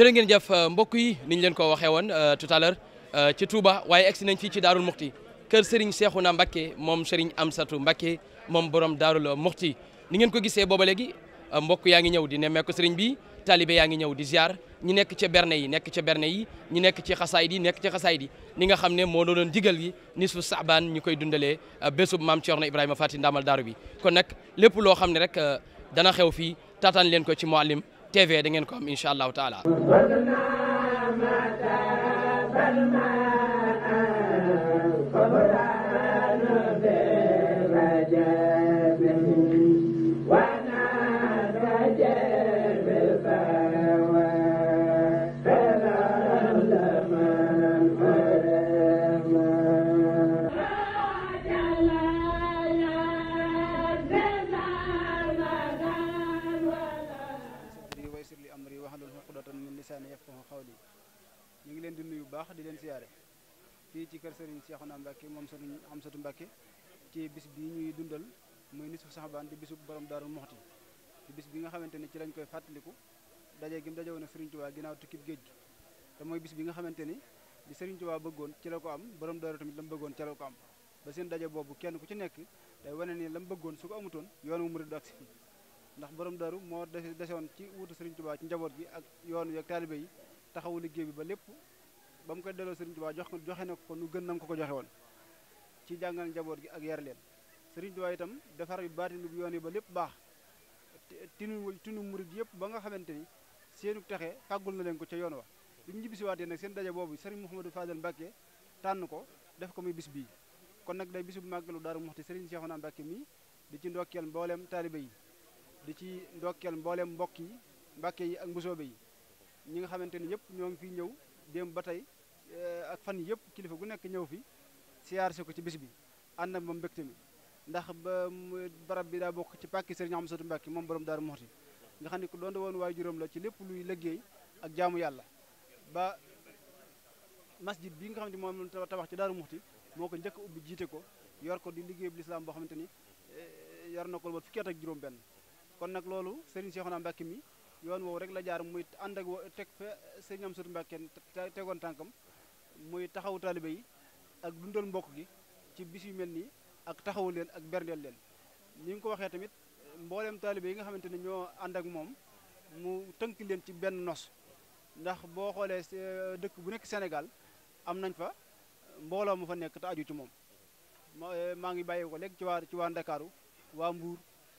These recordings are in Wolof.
jërë ngeen jëf euh, mbokk yi ni ñu leen ko waxee woon euh, tout à l'heure euh, ci Touba waaye egsi nañ fii ci Daarul Muxti kër Serigne Cheikhouna Mbacké moom Serigne Amsatou Mbacké moom borom Daarul Muxti ni ngeen ko gisee booba léegi mbokk yaa ngi ñëw di ne nemmeeku Serigne bi talibe yaa ngi ñëw di ziar ñi nekk ci berne yi nekk ci berne yi ñi nekk ci xasaayid yi nekk ci xasaayid yi ni nga xam ne moo doonoon digal yi nisfu saabaan ñu koy dundalee bésub maam Thierno Ibrahima Fati Ndamal Daaru bi kon lépp loo xam ne rek dana xew fii taataan leen ko ci muallim TV da ngeen ko am incha allahu taala bis bii ñuy dundal muy nisfu saxbaan di bisu borom Daaru Muxti di bi nga xamante ni ci lañ koy fàttaliku daje gi mu daje woon ak Serigne Touba ginnaaw tukkib géej gi te bi nga xamante ni li Serigne bëggoon ci la ko am borom Daaru la bëggoon ci la ko am ba kenn ku ci nekk day ni la bëggoon su ko amutoon yoonu murid du agsi ndax borom Daaru moo desewoon ci wutu Serigne Touba ci njaboot gi ak yoon wi ak taalibe yi taxawu liggéey bi ba lépp ba mu koy delloo Serigne Touba jox joxe na ko nu gën nam ko ko joxe woon ci jàngal njaboot gi ak yar leen Sëriñ Tuubaa itam defar yu baatinu yoon yi ba lépp baax tinu tinu murid yëpp ba nga xamante ni seenu texe fàggul na leen ko ca yoon wa bi ñu ñibbisiwaatee nag seen daje boobu Sëriñ Mouhamadou Fadel Mbacke tànn ko def ko muy bis bii kon nag day bisu màggalu Daaru Muxti Sëriñ Seexuna Mbacke mii di ci ndokkeel mboolem taalibe yi di ci ndokkeel mboolem mbokk yi Mbacke yi ak mbusoobe yi ñi nga xamante ni yëpp ñoo ngi fi ñëw démb ba tey eh, ak fan yëpp kilifa gu nekk ñëw fi siyaar si ko ci bis bi ànd ak moom mbégte mi ndax ba barab bi daa bokk ci pàkki Serigne Amsatou Mbacke moom borom Daaru Muxti nga xam ne ku doon woon waajuram la ci lépp luy liggéey ak jaamu yàlla ba masjid bi nga xam ne moom tabax ci Daaru Muxti moo ko njëkk ubbi jiite ko yor ko di liggéey bi lislaam boo xamante ni eh, yor na ko ba fukki at kon nag loolu Serigne Cheikhouna Mbacke mi yoon woowu rek la jaar muy ànd ak teg fa Serigne Amsatou Mbacke tegoon tànkam muy taxaw taalibe yi ak dundal mbokk gi ci bis mel nii ak taxawu leen ak berndeel leen ni nga ko waxee tamit mbooleem taalibe yi nga xamante ne ñoo ànd ak moom mu tënk leen ci benn nos ndax boo xoolee euh, dëkk bu nekk senegal am nañ fa mbooloo mu fa nekk te aju ci moom euh, maa ngi bàyyi ko léegi ci waa ci waa Ndakaaru waa Mbuur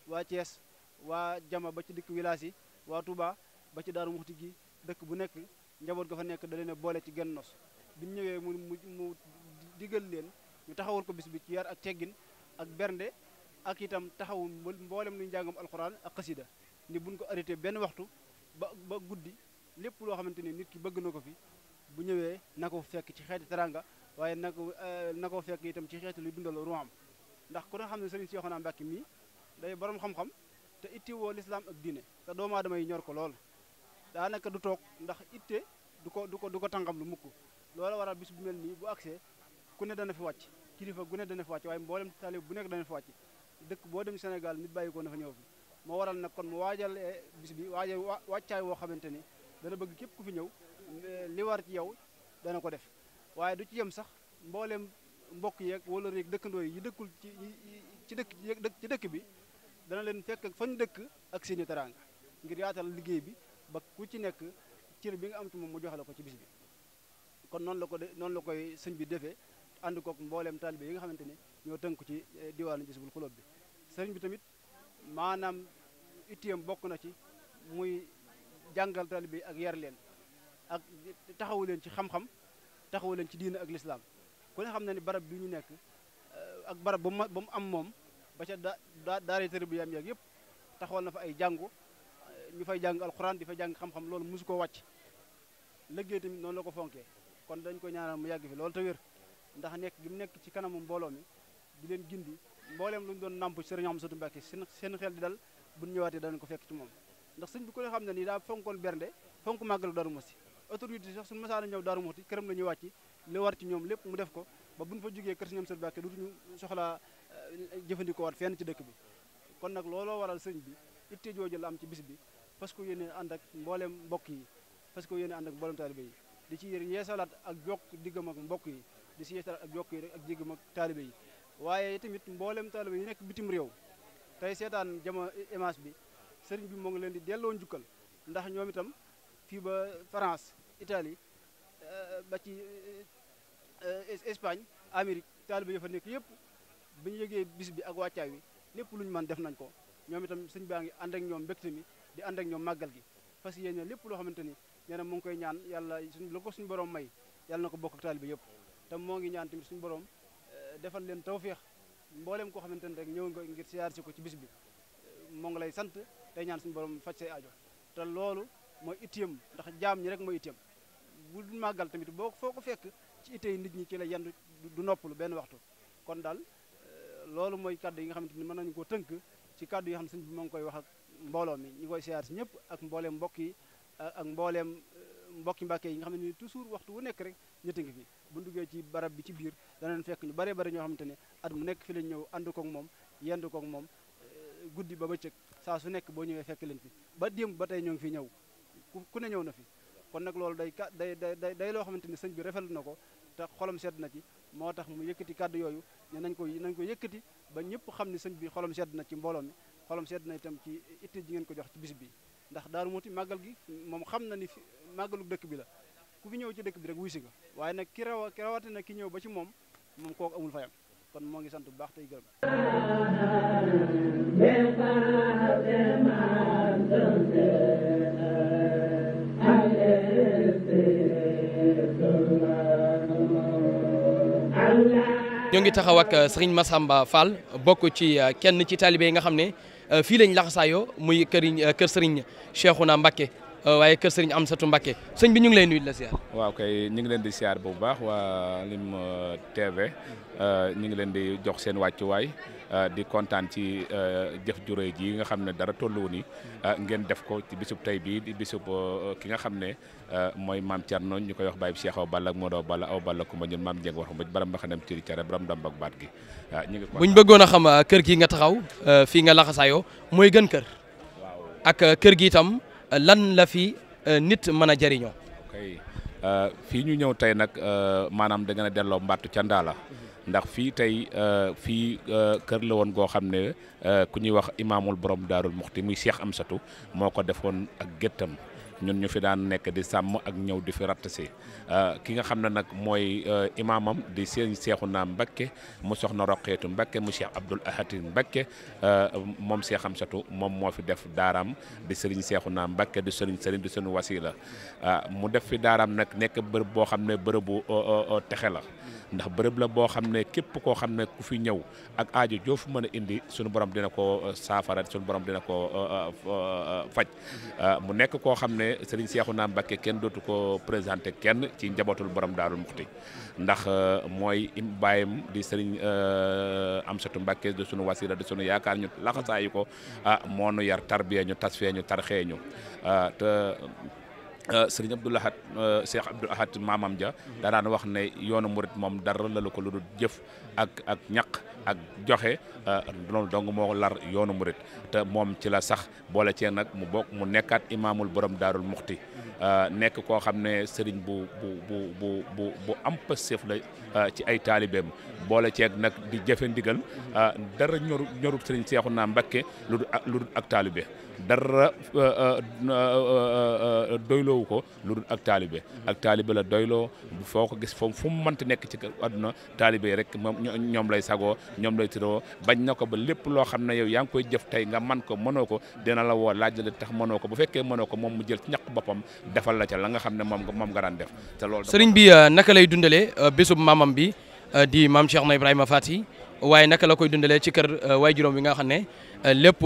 waa Thiès waa Jama ba ci dikk village yi waa Touba ba ci Daaru Muxti gi dëkk bu nekk njaboot ga fa nekk da leen boole ci genn nos bi ñu ñëwee mu mu digal leen ñu taxawul ko bis bi ci yar ak teggin ak bernde ak itam taxawu mboolem luy njàngam alxuraan ak xasida ni buñ ko arrêté benn waxtu ba guddi lépp loo xamante ni nit ki bëgg na ko fi bu ñëwee na ko fekk ci xeeti teranga waaye na ko eh, na ko fekk itam ci xeeti luy dundal ruuxam ndax ku xam ne sëriñ Seexuna Mbàkke mii day borom xam-xam te itti woo lislaam ak diine te doomu aadama yi ñor ko lool daanaka du toog ndax itte du ko du ko du ko tàngam lu mukk loolu waral bis bu mel nii bu agsee ku ne dana fi wàcc kilifa gu ne dana fi wàcc waaye mboolem taalib bu nekk dana fi wàcc dëkk boo dem Sénégal nit bàyyi ko na fa ñëw fi moo waral nag kon mu waajal eh, bis bi waajal wàccaay woo xamante ni dana bëgg képp ku fi ñëw eh, li yow dana ko def waaye du ci yem sax mboolem mbokk yeeg wala réeg dëkkandoo yi dëkkul ci ci dëkk ci dëkk bi dana leen fekk ak fañ dëkk ak seeni teraanga ngir yaatal liggéey bi ba ku ci nekk cër bi nga am moom mu joxe la ko ci bis bi kon noonu la ko noonu la koy sëñ bi defee ànd kook mbooleem taalibe yi nga xamante ne ñoo tënk ci eh, diwaanu Jazbul Xulóob bi sëriñ bi tamit maanaam ittiyam bokk na ci muy jàngal taalibe yi ak yar leen ak taxawu leen ci xam-xam taxawu leen ci diina ak lislaam ku ne xam na ni barab bi ñu nekk eh, ak barab ba mu am moom ba ca daa daara tarbiya am yeeg yëpp taxawal na fa ay jàngu eh, ñu fay jàng alxuraan di fa jàng xam-xam loolu mosu koo wàcc liggéey tamit noonu la ko fonkee kon dañ ko ñaanal mu yàgg fi loolu te ndax nekk gi mu nekk ci kanamu mbooloo mi di leen gindi mbooleem lu ñu doon namp Sëriñ Amsatu Mbàkke seen seen xel di dal bu ñu ñëwaatee danañ ko fekk ci moom ndax sëñ bi ko ne xam ne nii daa fonkoon bernde fonk màggal Daaru Muxti autorité sax suñu masaana ñëw Daaru Muxti këram la ñuy wàcc li ci ñoom lépp mu def ko ba buñ fa jógee kër Sëriñ Amsatu Mbàkke dutuñu soxla eh, jëfandikoo waat fenn ci dëkk bi kon nag looloo waral sëñ bi itte jooju la am ci bis bi parce que yéene ànd ak mbooleem mbokk yi parce que yéene ànd ak mbooleem taalibe yi di ci yeesalaat ak jokk diggam ak mbokk yi di si yeesalaat ak jokk yi rek ak jéggi mag taalibe yi waaye tamit mboolem taalibe yi nekk bitim réew tey seetaan jama image bi sëriñ bi moo ngi leen di delloo njukkal ndax ñoom itam fii ba France Italie euh, ba ci euh, Espagne Amérique taalibe yi fa nekk yëpp bi ñu yëgee bis bi ak wàccaay wi lépp lu ñu mën def nañ ko ñoom itam sëñ baa ngi ànd ak ñoom mbégte mi di ànd ak ñoom màggal gi fas yéene lépp loo xamante ni nee na mu ngi koy ñaan yàlla suñ la ko suñu borom may yàlla na ko bokk ak taalibe yëpp te moo ngi ñaan tamit suñu borom eh, defal leen taw tawféex mboolem koo xamante ne rek ñëw nga ngir siyaar si ko ci bis bi eh, moo ngi lay sant tey ñaan suñu borom faj say ajo te loolu mooy it ittiyam ndax jaam ñi rek mooy ittiyam bu màggal tamit boo foo ko fekk ci ittey nit ñi ci la yendu du noppalu benn waxtu kon daal eh, loolu mooy kàddu yi nga xamante ni mën nañu koo tënk ci kàddu yi xam ne suñ bi moo ngi koy wax ak mbooloo mi ñu koy siyaar si ñëpp ak mbooleem mbokk yi ak mbooleem mbokki mbàkke yi nga xam ne ni toujours waxtu wu nekk rek ñetti ngi fi bu duggee ci barab bi ci biir danañ fekk ñu baree bari ñoo xamante ne at mu nekk fi lañ ñëw ànd koog moom yendu koog moom eh, guddi ba bëccëg saa su nekk boo ñëwee fekk leen fi ba démb ba tey ñoo ngi fi ñëw ku ne ñëw na fi kon nag loolu day day day day loo xamante ne sëñ bi rafetlu na ko te xolam sedd na ci moo tax mu yëkkati kàddu yooyu ne nañ ko nañ ko yëkkati ba ñëpp xam ne sëñ bi xolam sedd na ci mbooloo mi xolam sedd na itam ci itti ji ngeen ko jox ci bis bi ndax daaru muuti màggal gi moom xam na ni màggalu dëkk bi la ku fi ñëw ci dëkk bi rek wuy si nga waaye nag ki raw ki rawatina ki ñëw ba ci moom moom ko amul fayam kon moo ngi sant bu baax tey gërëm ñoo ngi taxaw ak ma uh, Massamba Fall bokk ci uh, kenn ci taalibe yi nga xam ne uh, fii lañ laxasaayoo muy këriñ kër Serigne Cheikhouna mbake Euh, waaye kër sëriñ Amsatou Mbacké sëñ bi ñu ngi lay nuyu la siyaar. waaw ñu ngi leen di siyaar bu baax waa Lim euh, TV euh, ñu ngi leen di jox seen wàccuwaay di kontaan ci jëf ju rëy ji nga xam ne dara tolluwu ni ngeen def ko ci bisub tey bii di bisub ki nga xam ne mooy maam Thierno ñu koy wax Baye Cheikh Awa Balla ak Modou Balla aw Balla Kumba ñun maam Dieng wax ma baram mbaxanam ciri care baram dam ak baat gi ñu ngi buñ bëggoon a xam kër gi nga taxaw fii nga laxasaayoo mooy gën kër ak kër gi itam lan la fi euh, nit mën a jëriñoo. Euh, fii ñu ñëw tey nag euh, maanaam da ngeen delloo mbattu ca la ndax fii tey fii kër la woon goo xam ne ku ñuy wax imaamul borom daarul muxti muy Cheikh Amsatu moo ko defoon ak géttam ñun ñu fi daan nekk di sàmm ak ñëw di fi ratt si euh, ki nga xam ne nag mooy euh, imaamam di sëriñ Seexuna Mbakke mu soxna Roqeetu Mbakke mu Cheikh Abdoul Ahad Mbakke euh, moom Cheikh satu moom moo fi def daaraam di sëriñ Seexuna Mbakke di sëriñ sëriñ di sunu wasila mu def fi daaraam nag nekk bërëb boo xam ne bërëbu texe la ndax bërëb la boo xam ne képp koo xam ne ku fi ñëw ak aajo joofu mën a indi suñu borom dina ko euh, saafara suñu borom dina ko euh, euh, faj mu nekk koo xam ne Serigne Cheikhouna mbake kenn dootu ko présenté kenn ci njabootul borom Daarul Muxti ndax mooy im bàyyam di Serigne Amsatou Mbacké de sunu wasila de sunu yaakaar ñu laxasaayu ko ah moo nu yar tarbiya ñu tasfee ñu tarxee ñu Euh, sëriñ Abdou Lahad euh, Cheikh Abdou Lahad maamam ja mhm. danaan wax ne yoonu murit moom dara la ko lu du jëf ak ak ñaq ak joxe euh, loolu dong moo lar yoonu murit te moom ci la sax boole cee nag mu bokk mu nekkaat imaamul borom daarul muxti mhm. nekk koo xam ne sëriñ bu bu bu bu bu am passeef la ci ay taalibeem boole ceeg nag di jëfe ndigal mhm. dara ñoru ñorub seexu na Mbakke lu dul ak taalibe dara doylu doyloowu ko lu dul ak taalibe ak taalibe la doyloo foo ko gis foofu fu mu mënti nekk ci àdduna taalibe rek moom ñoom lay sagoo ñoom lay tiroo bañ na ko ba lépp loo xam ne yow yaa ngi koy jëf tey nga man ko mënoo ko dina la woo laaj la tax ko bu fekkee mënoo ko moom mu jël ñàkk boppam defal la la nga xam ne moom moom nga daan def te loolu sëriñ bi euh, naka lay dundalee euh, bésub maamam bi euh, di maam Cheikh na Ibrahima Fati waaye naka la koy dundalee ci kër waay juróom bi nga xam ne lépp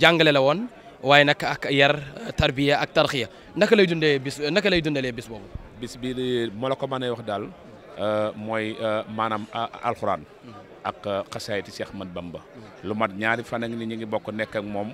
jàngale la woon waaye nag ak yar tarbiya ak tarxiya naka lay dundee bis naka lay dundalee bis boobu. bis bi li ma la ko mënee wax daal euh, mooy euh, maanaam euh, alxuraan. ak xasaayiti man bam ba lu mat ñaari fan ak ni ñu ngi bokk nekk ak moom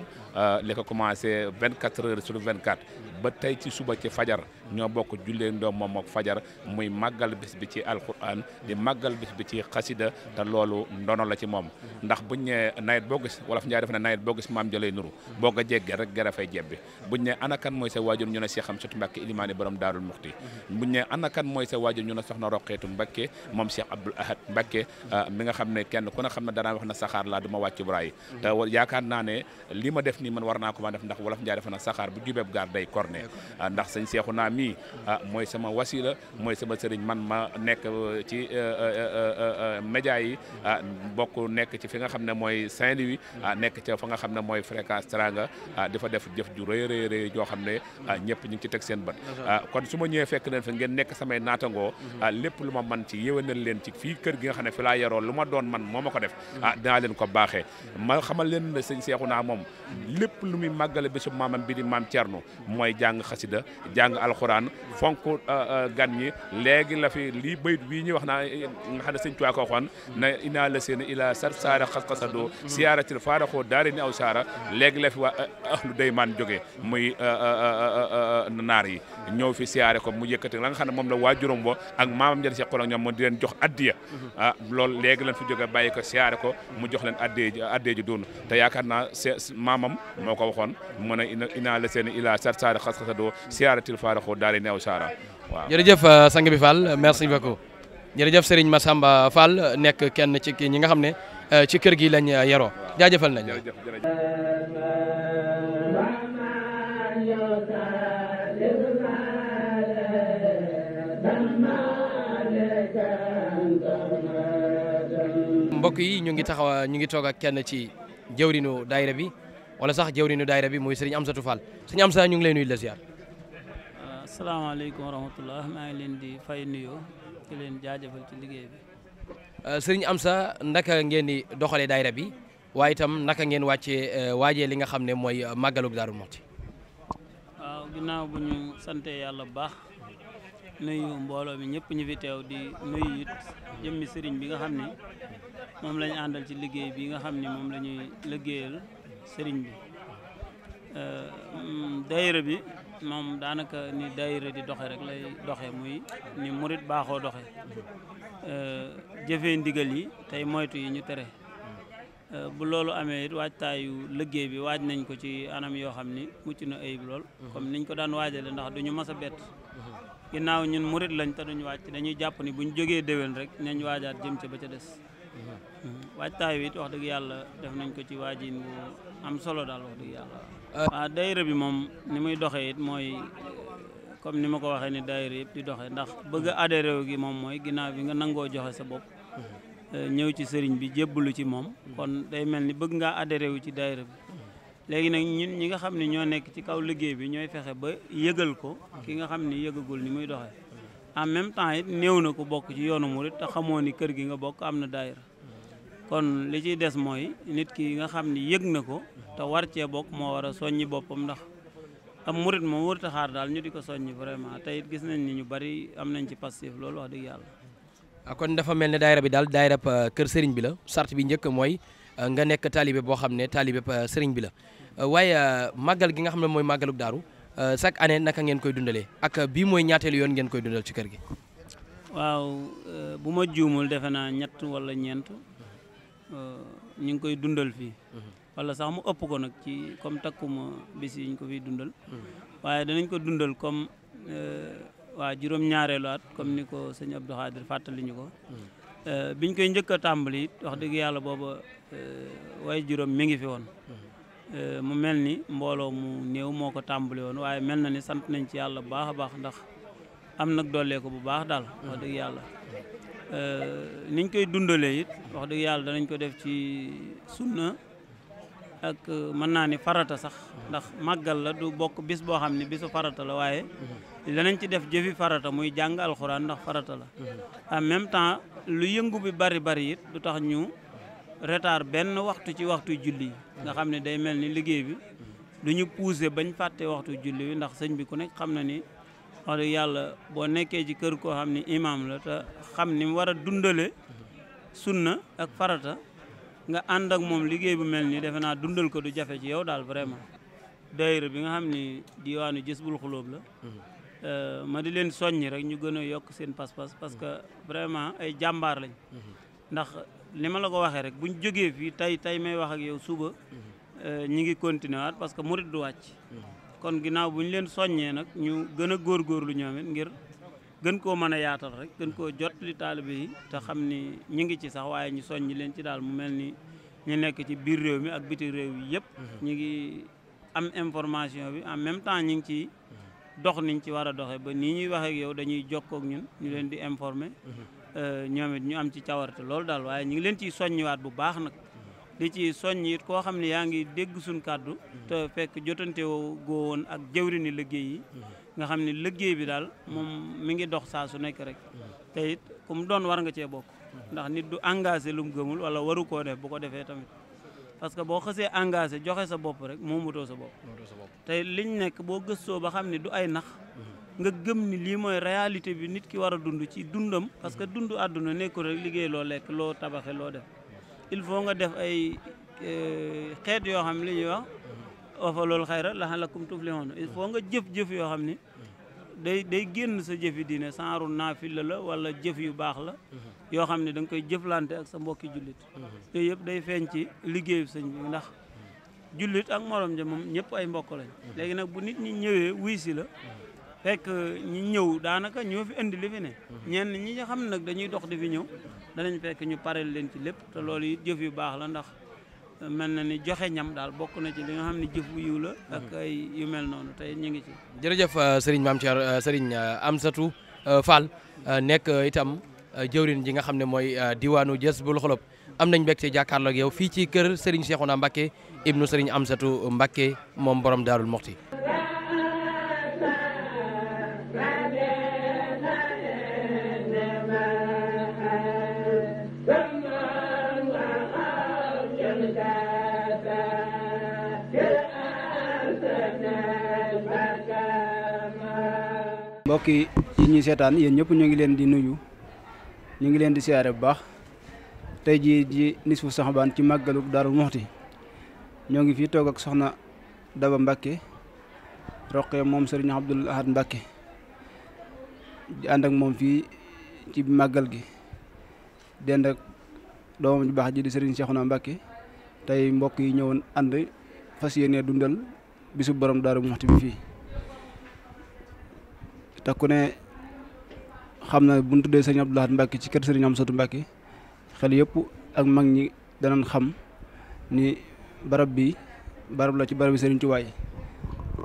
li ko commencé 24 heures vingt 24 ba tey ci suba ci fajar ñoo bokk jullee ndoom moom ak fajar muy màggal bis bi ci alquran di màggal bis bi ci xasida te loolu ndono la ci moom ndax buñ ne nawet boo gis wolof njaay def ne nawet boo gis maam jëlay nuru boo ko jéggee rek gara fay jebbi buñ ne anakan mooy sa waajur ñu ne Cheikh Amsatou Mbacke ilimaani borom daarul muxti buñ ne anakan mooy sa waajur ñu ne soxna roqeetu Mbacke moom Cheikh Abdoul Ahad Mbacke euh, mi nga xam ne kenn ku ne xam ne danaa wax na saxaar laa ma wàcc buraay te yaakaar naa ne li ma def nii man war naa ko ma def ndax wolof njaay def na bu jubeb gaar day korne ndax sëñ Seexu naa nii ah, mooy sama wasila mooy sama sëriñ man ma nekk uh, ci uh, uh, média yi ah bokk nekk ci fi nga xam ne mooy sen louis ah nekk ca fa nga xam ne mooy fréquence Teranga ah def jëf ju rëy rëy joo xam ne ah ñëpp ñu ngi ci teg seen bët ah kon su ma ñëwee fekk leen fi ngeen nekk samay naatangoo mhm. ah lépp lu ma man ci yéwénal leen ci fii kër gi nga xam ne fi laa yaroo lu ma doon man moo ma ko def mhm. ah ko baaxee ma xamal leen ne sëñ naa moom lépp lu muy màggale bi di maam Thierno mooy jàng xasida jàng alxuraan fonk euh, euh, gan ñi léegi la fi lii bayit wii ñuy wax xam ne sëñ Tuubaa ko waxoon na inaa la seen ila sar saara xasxasado siyaaratil faaraxoo daare ni aw saara léegi la fi waa euh, ahlu daymaan jógee muy naar yi ñëw fi siyaare ko mu yëkkati la nga xam ne moom la waajuram wa ak maamam jël si xol ak ñoom moom jox addiya mm-hmm. ah loolu léegi lañ fi jógee bàyyi ko siyaare ko mu jox leen addiya addiya ji doon te maamam moo ko waxoon mu ne inaa la ila sar saara xasxasado siyaaratil faaraxoo Makhfoud Daarayni aw jërëjëf euh, sang bi Fall merci beaucoup jërëjëf ma samba Fall nekk kenn ci ñi nga xam ne euh, ci kër gi lañ euh, yaroo jaajëfal nañ mbokk yi ñu ngi taxaw ñu ngi toog ak kenn ci jëwrinu daayira bi wala sax jëwrinu daayira bi muy sëriñ Amsatou Fall sëriñ Amsa ñu ngi lay nuyu la ziar asalaamaaleykum wa rahmatullah maa ngi leen di fay nuyoo di leen jaajëfal ci liggéey bi. Euh, sëriñ Amsa naka ngeen di doxalee daayira bi waaye itam naka ngeen wàccee euh, waaje li nga xam ne mooy euh, màggalug Daaru Muxti. waaw ginnaaw bu ñu sante yàlla bu baax nuyu mbooloo mi ñëpp ñu fi teew di nuyu it sëriñ bi nga xam ni moom la àndal ci liggéey bi nga xam ni moom lañuy liggéeyal sëriñ bi mm, daayira bi. moom daanaka ni daayira di doxe rek lay doxe muy ni murit baaxoo doxe euh, jëfe ndigal yi tey moytu yi ñu tere euh, bu loolu amee it waajtaayu liggéey bi waaj nañ ko ci anam yoo xam ni mucc na ayib lool comme niñ ko daan waajale ndax duñu mas a bett ginnaaw ñun murit lañ te duñu wàcc dañuy jàpp ni bu buñ jógee déwén rek nañ waajaat jëm ca ba ca des mmh. Mmh. waajtaayu it wax dëgg yàlla def nañ ko ci waajin bu am solo daal wax dëgg yàlla euh, waaw daayira bi moom ni muy doxee it mooy comme ni ma ko waxee ni daayira yëpp di doxee ndax bëgg a adhéré gi moom mooy ginaaw bi nga nangoo joxe sa bopp euh, ñëw ci sëriñ bi jébbalu ci moom kon day mel ni bëgg ngaa adhéré wu ci daayira bi léegi nag ñun ñi nga xam ne ñoo nekk ci kaw liggéey bi ñooy fexe ba yëgal ko ki nga xam ne yëgagul ni muy doxe en même temps it néew na ko bokk ci yoonu murit te xamoo ni kër gi nga bokk am na daayira kon li ciy des mooy nit ki nga xam ne yëg na ko te war cee bokk moo war a soññi boppam ndax am murit moom warut a xaar daal ñu di ko soññi vraiment te gis nañ ni ñu bari am nañ ci passif loolu wax dëgg yàlla. Ah, kon dafa mel ne daayira bi daal daayira euh, kër sëriñ bi la sart bi njëkk mooy euh, nga nekk taalibe boo xam ne taalibe euh, sëriñ bi la waaye maggal gi nga xam ne mooy màggalug daaru chaque année naka ngeen koy dundalee ak bii mooy ñaateelu yoon ngeen koy dundal ci kër gi. waaw bu ma Euh, ñu ngi koy dundal fii. wala sax mu ëpp ko nag ci comme takkuma bis yi ñu ko fiy dundal. Hmm. waaye danañ ko dundal comme euh, waa juróom-ñaareelu at comme ni ko sëñ Abdou Khadir fàttali ñu ko. Hmm. Euh, biñ koy njëkk a tàmbali wax dëgg yàlla booba waaye juróom mi ngi fi woon. Hmm. mu mel ni mbooloo mu néew moo ko tàmbali woon waaye mel na ni sant nañ ci yàlla bu baax a baax ndax am nag dollee ko bu baax daal wax dëgg yàlla. Euh, niñ koy dundalee it wax dëgg yàlla danañ ko def ci sunna ak euh, mën naa ni farata sax ndax màggal la du bokk bis boo xam ne bisu farata la waaye danañ ci def jëfi farata muy jàng alxuraan ndax farata la en même temps lu yëngu bi bari bari it du tax ñu retard benn waxtu ci waxtu julli yi nga xam ne day mel ni liggéey bi du ñu poussé bañ fàtte waxtu julli bi ndax sëñ bi ku nekk xam na ni wax yàlla boo nekkee ci kër koo xam ni imaam la te xam ni mu war a dundale sunna ak farata nga ànd ak moom liggéey bu mel ni defe naa dundal ko du jafe ci yow daal vraiment daayira bi nga xam ni diwaanu Jazbul Xuloob la euh, ma di leen soññi rek ñu gën a yokk seen pas-pas parce que vraiment ay jàmbaar lañ ndax li ma la ko waxee rek bu jogee fii tey tey ma wax ak yow suba euh, ñi ngi continuer waat parce que murit du wàcc kon ginnaaw bu ñu leen soññee nag ñu gën góor góorgóorlu ñoom it ngir gën koo mën a yaatal rek gën koo jot li taalibe yi te xam ni ñu ngi ci sax waaye ñu soññi leen ci daal mu mel ni ñu nekk ci biir réew mi ak biti réew yi yëpp mhm. ñu ngi am information bi en même temps ñu ngi ci dox niñ ci war a doxee ba nii ñuy waxeeg ak yow dañuy jokkoo ñun ñu leen di informer mhm. euh, ñoom it ñu am ci cawarte loolu daal waaye ñu ngi leen ciy soññiwaat bu baax nag di ci soññ it koo xam ne yaa ngi dégg suñ kaddu mm-hmm. te fekk jotante woo goo woon ak jëwrini liggéey mm-hmm. nga xam ni liggéey bi daal moom mu ngi dox saa su nekk rek mm-hmm. te it ku doon war nga cee bokk ndax nit du engagé lu gëmul wala waru koo def bu ko defee tamit parce que boo xësee engagé joxe sa bopp rek moomatoo sa bopp te liñ nekk boo gëstoo ba xam ne du ay nax nga gëm ni lii mooy réalité bi nit ki war dund ci dundam parce que dund àdduna nekkul rek liggéey loo lekk loo tabaxe loo def il faut nga def ay euh, xeet yoo xam li ñuy wax wafa loolu xayra laxalakum tuflihun il faut nga jëf-jëf yoo xam ni day day génn sa jëfi diine naa naafila la wala jëf yu baax la yoo xam ne danga nga koy jëflante ak sa mbokki jullit yooyu yëpp day feeñ ci liggéeyu sëñ bi ndax jullit ak moroom ja moom ñëpp ay mbokk lañ léegi nag bu nit ñi ñëwee wuy si la fekk ñi ñëw daanaka ñoo fi indi li fi ne ñenn ñi nga xam nag dañuy dox di fi ñëw danañ fekk ñu pareel leen ci lépp te loolu yi jëf yu baax la ndax mel na ni joxe ñam daal bokk na ci li nga xam ne jëf bu yiw la ak hmm. ay yu mel noonu tey ñu ngi ci jërëjëf euh, sëriñ Mame Thierno euh, sëriñ euh, Amsatou Fall nekk itam jëwrin ji nga xam ne mooy diwaanu Jazbul Xulub am nañ mbégte jàkkaarloo ak yow fii ci kër sëriñ Cheikhouna Mbacké ibnu sëriñ Amsatou Mbacké moom borom Daarul Muxti mbokk yi ñuy seetaan yéen ñëpp ñoo ngi leen di nuyu ñu ngi leen di siyaare bu baax tey jii ji nisfu saxbaan ci màggalu Daaru Muxti ñoo ngi fii toog ak soxna Daba Mbacke roqee moom sëriñ Abdul Ahad Mbacke di ànd ak moom fii ci màggal gi dend ak doomam ju baax ji di sëriñ Seexuna Mbacke tey mbokk yi ñëwoon ànd fas yéene dundal bisu borom Daaru Muxti bi fii te ku ne xam na bu ñu tuddee sëriñ Abdou Lahad ci kër sëriñ Amsatu Mbacke xel yëpp ak mag ñi danañ xam ni barab bi barab la ci barab bi sëriñ Tuubaa yi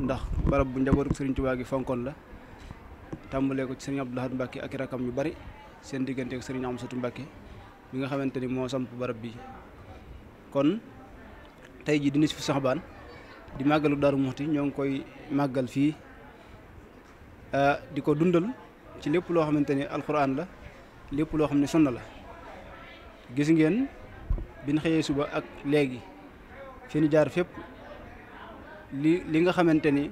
ndax barab bu njabootu sëriñ Tuubaa gi fonkoon la tàmbalee ko ci sëriñ Abdou Lahad ak i rakam yu bari seen diggante ak sëriñ Amsatu Mbacke bi nga xamante ni moo samp barab bi kon tey jii di nit fi saxbaan di màggalu Daaru Muxti ñoo ngi koy màggal fii Euh, di ko dundal ci lépp loo xamante ni alxuraan la lépp loo xam ne sunna la gis ngeen biñ xëyee suba ak léegi fi ñu jaar fépp li li nga xamante ni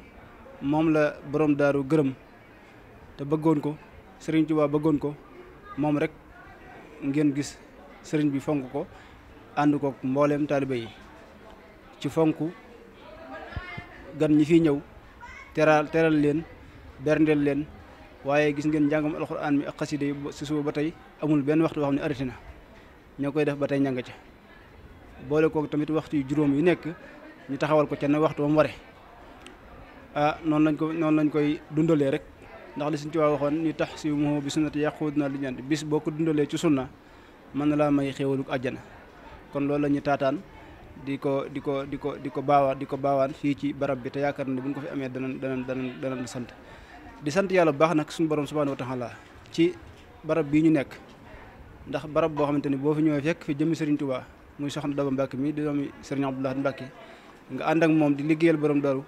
moom la borom daaru gërëm te bëggoon ko sëriñ Tuubaa bëggoon ko moom rek ngeen gis sëriñ bi fonk ko ànd ko mbooleem taaliba yi ci fonk gan ñi fiy ñëw teral teral leen berndeel leen waaye gis ngeen njàngam alxuraan mi ak xasida yi si suba ba tey amul benn waxtu boo ni ne na ñoo koy def ba tey ñanga ca boole kook tamit waxtu yu juróom yu nekk ñu taxawal ko ca ne waxtu ba mu ah, noonu lañ ko noonu lañ koy dundalee rek ndax li suñ ci waxoon ni tax si moo bi sunnati yàquwut naa li ñaan bis boo ko dundalee ci na mën na laa may xéewaluk àjjana kon loolu la ñu taataan di ko di ko di ko di ko baawaan di ko baawaan fii ci barab bi te yaakaar na ne bu ñu ko fi amee danañ danañ danañ danañ sant di sant yàlla bu baax nag suñu borom subhaanahu wa taala ci barab bii ñu nekk ndax barab boo xamante ni boo fi ñëwee fekk fi jëmmi Serigne tubaa muy soxna Daba Mbacke mi di doomi Serigne Abdoulaye Mbacke nga ànd ak moom di liggéeyal borom daru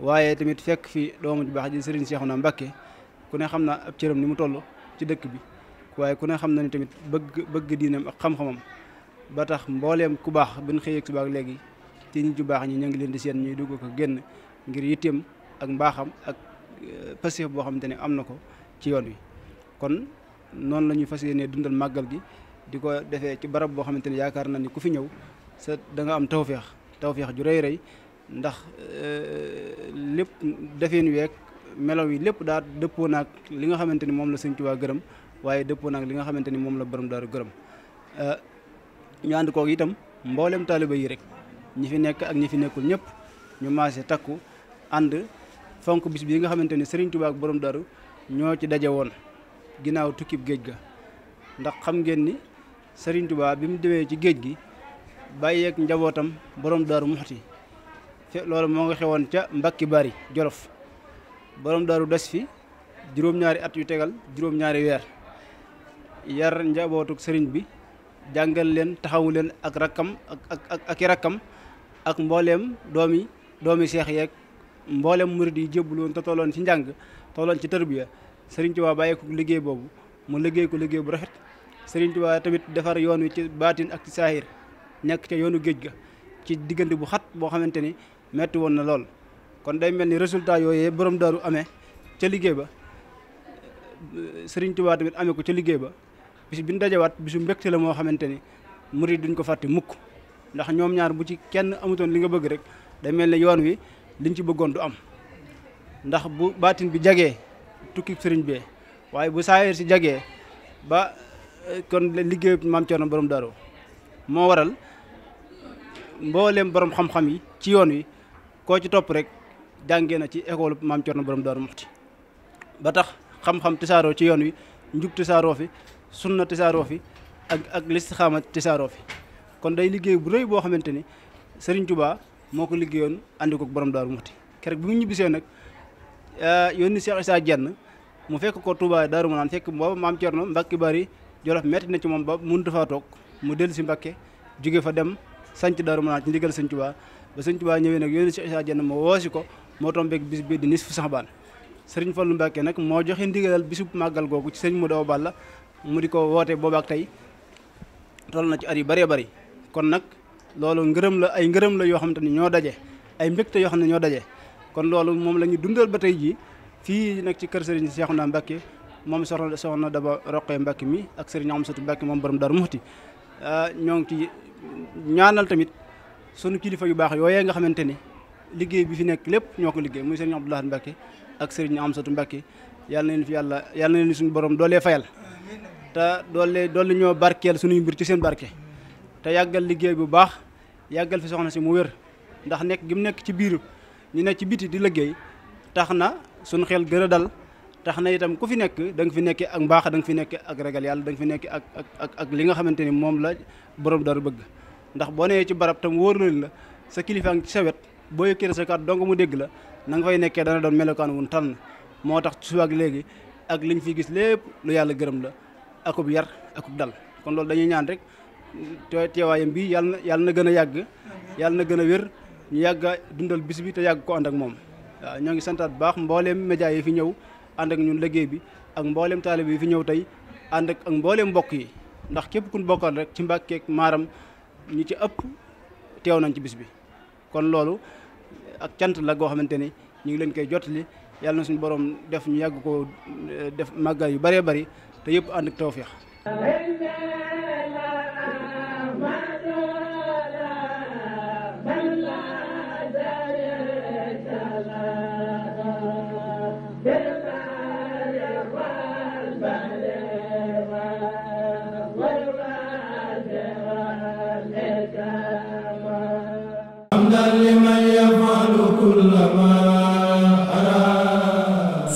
waaye tamit fekk fi doomu ju baax di Serigne Cheikhouna Mbacke ku ne xam na ab cëram ni mu toll ci dëkk bi waaye ku ne xam na ni tamit bëgg bëgg diinam ak xam-xamam ba tax mbooleem ku baax bi ñu xëyee suba léegi ci ju baax ñi ñu ngi leen di seen ñuy dugg ko génn ngir yitteem ak mbaaxam ak passif boo xamante ne am na ko ci yoon wi kon noonu la ñuy fas yéenee dundal màggal gi di ko defee ci barab boo xamante ne yaakaar na ni ku fi ñëw sa danga am tawféex tawféex ju rëy rey ndax euh, lépp defeen week melow yi lépp daa dëppoo naag li nga xamante ni moom la sëñ waa gërëm waaye dëppoo li nga xamante ni moom la borom daaru gërëm euh, ñu ànd koog itam mboolem taaliba yi rek ñi fi nekk ak ñi fi nekkul ñëpp ñu maase takku ànd fonk bis bii nga xamante ni Serigne ak borom daru ñoo ci daje woon ginnaaw tukkib géej ga ndax xam ngeen ni Serigne Touba bi mu demee ci géej gi bàyyeek njabootam borom daru Muxti fe loolu moo nga xewoon ca Mbakki Bari Jolof boroom daru des fi juróom-ñaari at yu tegal juróom-ñaari weer yar njabootuk sëriñ bi jàngal leen taxawu leen ak rakkam ak ak ak i rakkam ak mbooleem doomi doomi seex yeeg mboolem murid yi jébbaloon te tolloon ci njàng tolloon ci tarbiya Serigne Touba bàyyi ko liggéey boobu mu liggéey liggéey bu rafet Serigne Touba tamit defar yoon wi ci baatin ak ci saahir nekk ca yoonu géej ga ci diggante bu xat boo xamante ni metti woon na lool kon day mel ni résultat yooye borom daaru amee ca liggéey ba Serigne Touba tamit amee ko ca liggéey ba bis bi ñu dajawaat bisu mbégte la moo xamante ni murid duñ ko fàtte mukk ndax ñoom ñaar bu ci kenn amutoon li nga bëgg rek day mel ni yoon wi liñ ci bëggoon du am ndax bu baatin bi jagee tukki sëriñ be waaye bu saayir si jagee ba eh, kon la liggéey maam Cerno borom Daaru moo waral mbooleem borom xam-xam yi ci yoon wi koo ci topp rek jàngee na ci école maam na borom Daaru Muxti ba tax xam-xam tisaaroo ci yoon wi njub tisaaroo fi sunna tisaaroo fi ak ak listixaama tisaaroo fi kon day liggéey bu rëy boo xamante ni Sëriñ Tuubaa moo ko liggéeyoon andi ko borom Daaru Muxti keroog bi mu ñibbisee nag eh, yónni Cheikh Issa jenn mu fekk ko Touba Daaru Manaan fekk booba maam Cerno Mbàkke bari Jolof metti na ci moom ba mënut faa toog mu dellu si Mbàkke jóge fa dem sanc Daaru Manaan ci ndigal Sëñ Tuubaa ba Sëñ Tuubaa ñëwee nag yónni Cheikh Issa Diène moo woosi ko moo tombeeg bis bii di nisfu Saxbaan sëriñ Fallu Mbàkke nag moo joxe ndigalal bisub màggal googu ci sëriñ Modou Awa Balla mu di ko woote boobaak tey toll na ci at yu bëree bëri kon nag loolu ngërëm la ay ngërëm la yoo xamante ne ñoo daje ay mbégte yoo xam ne ñoo daje kon loolu moom la ñu dundal ba tey jii fii nag ci kër Serigne Cheikhouna Mbacké moom soxna soxna Daba Roqee Mbacké mi ak Serigne Amsatou Mbacké moom borom Darou Mouhty ah, ñoo ngi ci ñaanal tamit sunu kilifa yu baax yooyee nga xamante ni liggéey bi fi nekk lépp ñoo ko liggéey muy Serigne Abdoulaye Mbacké ak Serigne Amsatou Mbacké yàlla na leen fi yàlla yàlla na leen suñu borom doolee fayal te doole doole ñoo barkeel suñuy mbir ci seen barke te yàggal liggéey bu baax yàggal fi soxna si mu wér ndax nekk gi mu nekk ci biir ñu ne ci biti di liggéey tax na suñu xel gën a dal tax na itam ku fi nekk da nga fi nekkee ak mbaax da nga fi nekkee ak ragal yàlla da fi nekkee ak ak li nga xamante ni moom la boroom dara bëgg ndax boo nee ci barab tam wóor la sa kilifa ngi ci sa wet boo yëkkee sa kàddu dong mu dégg la nanga nga fay nekkee dana doon melokaan wun tànn moo tax su ak léegi ak li liñ fi gis lépp lu yàlla gërëm la akub yar akub dal kon loolu dañuy ñaan rek teewaayam bii yàlla na yàlla na gën a yàgg yàlla na gën a wér ñu yàgg a dundal bis bi te yàgg ko ànd ak moom waaw ñoo ngi santaat bu baax mbooleem média yi fi ñëw ànd ak ñun liggéey bi ak mbooleem taalib yi fi ñëw tey ànd ak ak mbooleem mbokk yi ndax képp kun bokkal rek ci mbàkkeek maaram ñu ci ëpp teew nañ ci bis bi kon loolu ak cant la goo xamante ni ñu ngi leen koy jottali yàlla na suñu borom def ñu yàgg ko eh, def màggal yu bëree bëri te yëpp ànd ak tawfeex